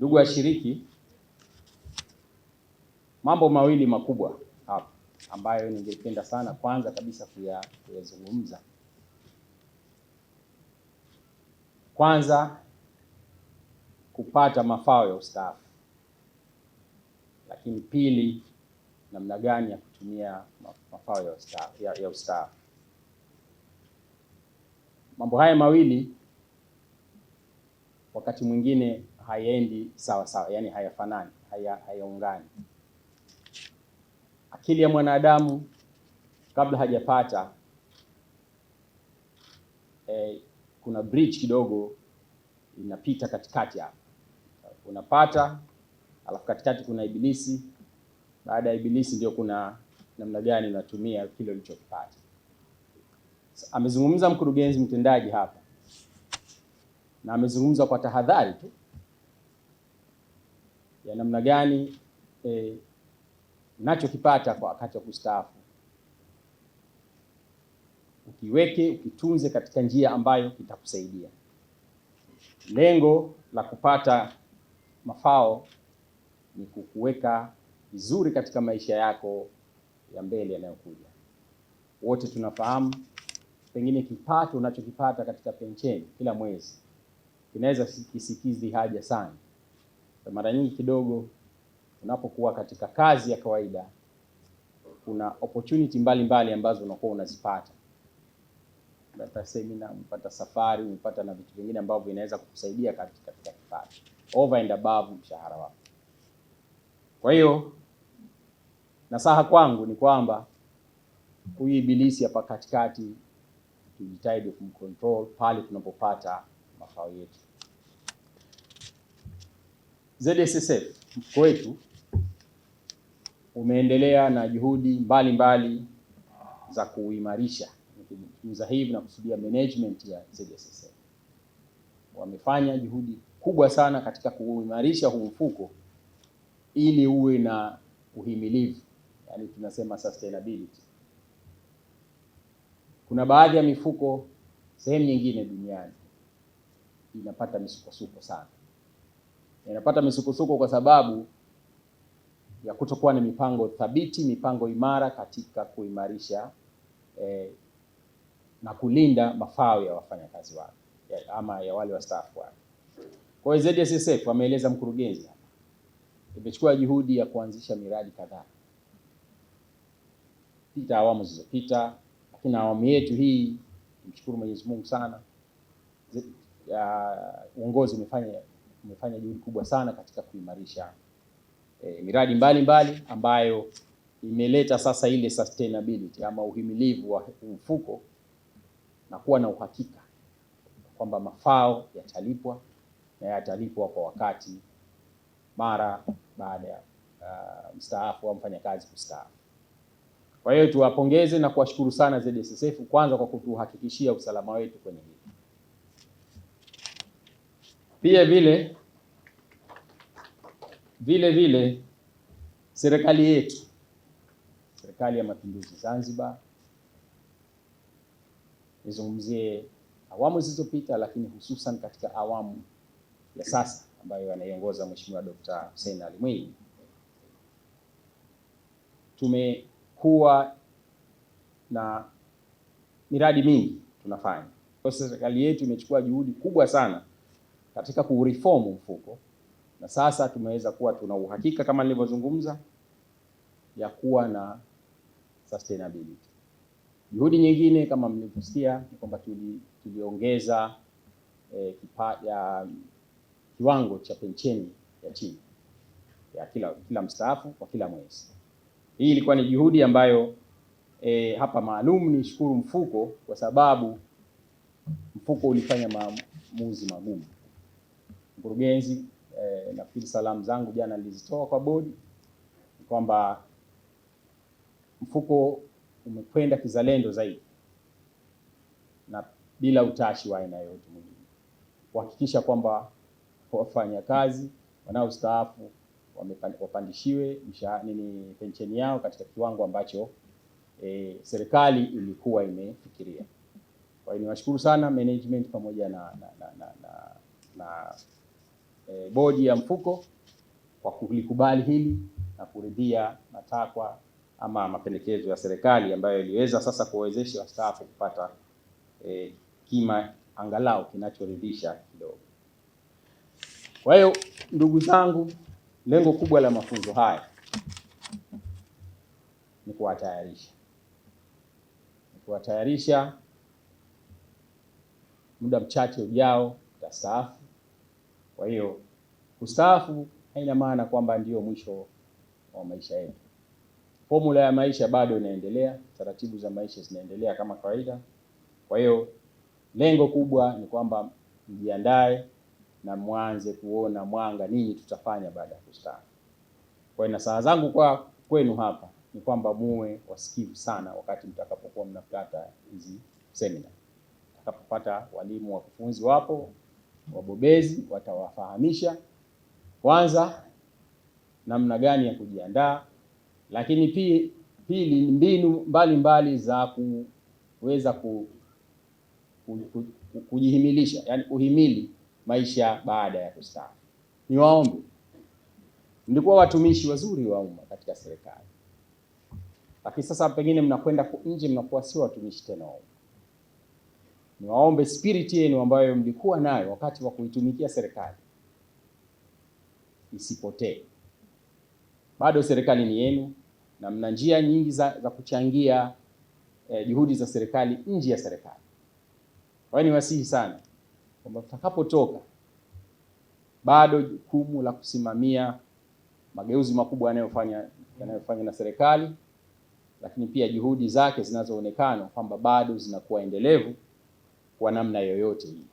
Ndugu washiriki, mambo mawili makubwa hapa ambayo ningependa sana kwanza kabisa kuyazungumza. Kwanza, kupata mafao ya ustaafu, lakini pili, namna gani ya kutumia mafao ya ustaafu ya, ya ustaafu. Mambo haya mawili wakati mwingine hayaendi sawa sawa, yani hayafanani, haya hayaungani. Akili ya mwanadamu kabla hajapata eh, kuna bridge kidogo inapita katikati hapa, unapata alafu katikati kuna ibilisi. Baada ya ibilisi ndio kuna namna gani unatumia kile ulichokipata. Amezungumza mkurugenzi mtendaji hapa na amezungumza kwa tahadhari tu ya namna gani eh, nachokipata kwa wakati wa kustaafu ukiweke ukitunze katika njia ambayo itakusaidia. Lengo la kupata mafao ni kukuweka vizuri katika maisha yako ya mbele yanayokuja. Wote tunafahamu pengine kipato unachokipata katika pensheni kila mwezi kinaweza kisikizi haja sana mara nyingi kidogo unapokuwa katika kazi ya kawaida kuna opportunity mbalimbali mbali ambazo unakuwa unazipata, unapata semina, unapata safari, unapata na vitu vingine ambavyo vinaweza kukusaidia katika katika kipato over and above mshahara wako. Kwa hiyo nasaha kwangu ni kwamba huyu ibilisi hapa katikati tujitahidi kumcontrol pale tunapopata mafao yetu. ZSSF mfuko wetu umeendelea na juhudi mbalimbali mbali za kuimarisha. Nikizungumza hivi na kusudia management ya ZSSF, wamefanya juhudi kubwa sana katika kuimarisha huu mfuko ili uwe na uhimilivu, yani tunasema sustainability. Kuna baadhi ya mifuko sehemu nyingine duniani inapata misukosuko sana inapata misukosuko kwa sababu ya kutokuwa na mipango thabiti, mipango imara katika kuimarisha eh, na kulinda mafao ya wafanyakazi wake ama ya wale wastaafu wake. Kwa hiyo ZSSF wameeleza mkurugenzi hapa, imechukua juhudi ya kuanzisha miradi kadhaa pita awamu zilizopita, lakini awamu yetu hii, tumshukuru Mwenyezi Mungu sana, uongozi umefanya umefanya juhudi kubwa sana katika kuimarisha e, miradi mbalimbali mbali ambayo imeleta sasa ile sustainability ama uhimilivu wa mfuko na kuwa na uhakika kwamba mafao yatalipwa na yatalipwa kwa wakati mara baada ya uh, mstaafu au mfanyakazi kustaafu. Kwa hiyo tuwapongeze na kuwashukuru sana ZSSF kwanza kwa kutuhakikishia usalama wetu kwenye hili. Pia vile vile vile serikali yetu, serikali ya mapinduzi Zanzibar, nizungumzie awamu zilizopita, lakini hususan katika awamu ya sasa ambayo anaiongoza Mheshimiwa Dkt. Hussein Ali Mwinyi, tumekuwa na miradi mingi tunafanya. Kwa serikali yetu imechukua juhudi kubwa sana katika kureform mfuko, na sasa tumeweza kuwa tuna uhakika kama nilivyozungumza ya kuwa na sustainability. Juhudi nyingine kama mlivyosikia ni kwamba tuliongeza eh, kiwango cha pensheni ya chini ya kila, kila mstaafu kwa kila mwezi. Hii ilikuwa ni juhudi ambayo E, hapa maalum ni shukuru mfuko kwa sababu mfuko ulifanya maamuzi magumu mkurugenzi eh, nafikiri salamu zangu jana nilizitoa kwa bodi kwamba mfuko umekwenda kizalendo zaidi na bila utashi wa aina yoyote mwingine, kuhakikisha kwamba wafanyakazi wanaostaafu wapandishiwe nini pensheni yao katika kiwango ambacho e, serikali ilikuwa imefikiria. Kwa hiyo niwashukuru sana management pamoja na, na, na, na, na, na e, bodi ya mfuko kwa kulikubali hili na kuridhia matakwa ama mapendekezo ya serikali ambayo iliweza sasa kuwawezesha wastaafu kupata e, kima angalau kinachoridhisha kidogo. Kwa hiyo ndugu zangu, lengo kubwa la mafunzo haya ni kuwatayarisha, ni kuwatayarisha muda mchache ujao mtastaafu kwa hiyo kustaafu haina maana kwamba ndiyo mwisho wa maisha yetu. Formula ya maisha bado inaendelea, taratibu za maisha zinaendelea kama kawaida. Kwa hiyo lengo kubwa ni kwamba mjiandae na mwanze kuona mwanga nini tutafanya baada ya kustaafu. Kwa hiyo na saa zangu kwa kwenu hapa ni kwamba muwe wasikivu sana wakati mtakapokuwa mnapata hizi semina, mtakapopata walimu wakufunzi wapo wabobezi watawafahamisha kwanza namna gani ya kujiandaa, lakini pili pili mbinu mbalimbali mbali za kuweza ku, ku, ku, ku, kujihimilisha yani kuhimili maisha baada ya kustaafu. Ni waombe, mlikuwa watumishi wazuri wa umma katika serikali, lakini sasa pengine mnakwenda nje, mnakuwa sio watumishi tena wa umma niwaombe spirit yenu ambayo mlikuwa nayo wakati wa kuitumikia serikali isipotee. Bado serikali ni yenu na mna njia nyingi za, za kuchangia eh, juhudi za serikali nje ya serikali. Kwa hiyo niwasihi sana kwamba tutakapotoka, bado jukumu la kusimamia mageuzi makubwa yanayofanya yanayofanywa na serikali, lakini pia juhudi zake zinazoonekana kwamba bado zinakuwa endelevu kwa namna yoyote ile.